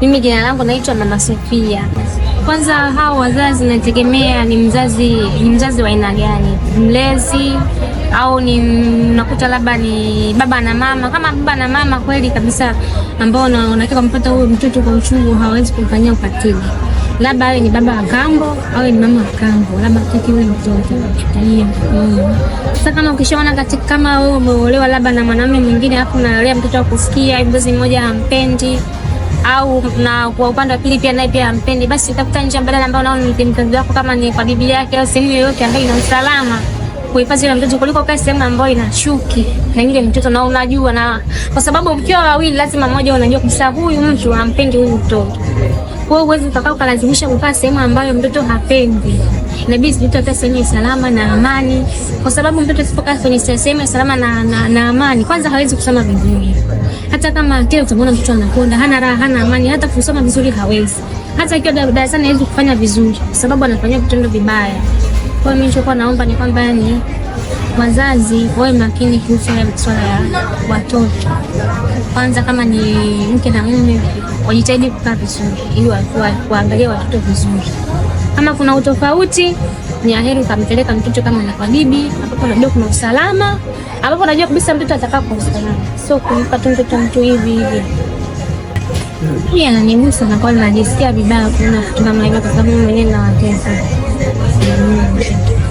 Mimi jina langu naitwa Mama Sofia. Kwanza hao wazazi nategemea ni mzazi ni mzazi wa aina gani, mlezi au ni nakuta labda ni baba na mama. Kama baba na mama kweli kabisa, ambao unataka kumpata huyo mtoto kwa uchungu, hawezi kumfanyia ukatili, labda awe ni baba wa kambo au ni mama wa kambo, labda hataki huyo mtoto. Sasa kama ukishaona katika kama wewe umeolewa labda na mwanamume mwingine, afu unalea mtoto wa kusikia, mzazi mmoja hampendi au na kwa upande wa pili pia naye pia ampendi, basi tafuta njia mbadala ambayo nao ni mzazi wako, kama ni kwa bibi yake au sehemu yoyote ambayo ina usalama kuhifadhi ile mtoto kuliko kae sehemu ambayo ina chuki na yule mtoto, na unajua, na kwa sababu mkiwa wawili lazima mmoja, unajua kabisa huyu mtu ampendi huyu mtoto. Wewe uwezi ukakaa ukalazimisha kukaa sehemu ambayo mtoto hapendi. Inabidi mtoto akae sehemu ya salama na amani, kwa sababu mtoto asipokaa kwenye sehemu ya salama na, na, na amani, kwanza hawezi kusoma vizuri. Hata kama kile utamwona mtoto anakonda, hana raha, hana amani, hata kusoma vizuri hawezi. Hata akiwa darasani hawezi kufanya vizuri, kwa sababu anafanyia vitendo vibaya. Kwa mimi nilichokuwa naomba ni kwamba yani wazazi wawe makini kuhusu ya masuala ya watoto. Kwanza kama ni mke na mume wajitahidi kukaa vizuri, ili waangalie watoto vizuri. Kama kuna utofauti ni aheri ukampeleka mtoto kama na kwa bibi, ambapo unajua kuna usalama, ambapo unajua kabisa mtoto atakaa kwa usalama, sio kumpa tu mtoto mtu hivi hivi. Pia ananigusa na kwa najisikia vibaya kuona kitu kama hivyo, kwa sababu mimi mwenyewe nawatesa Yeah.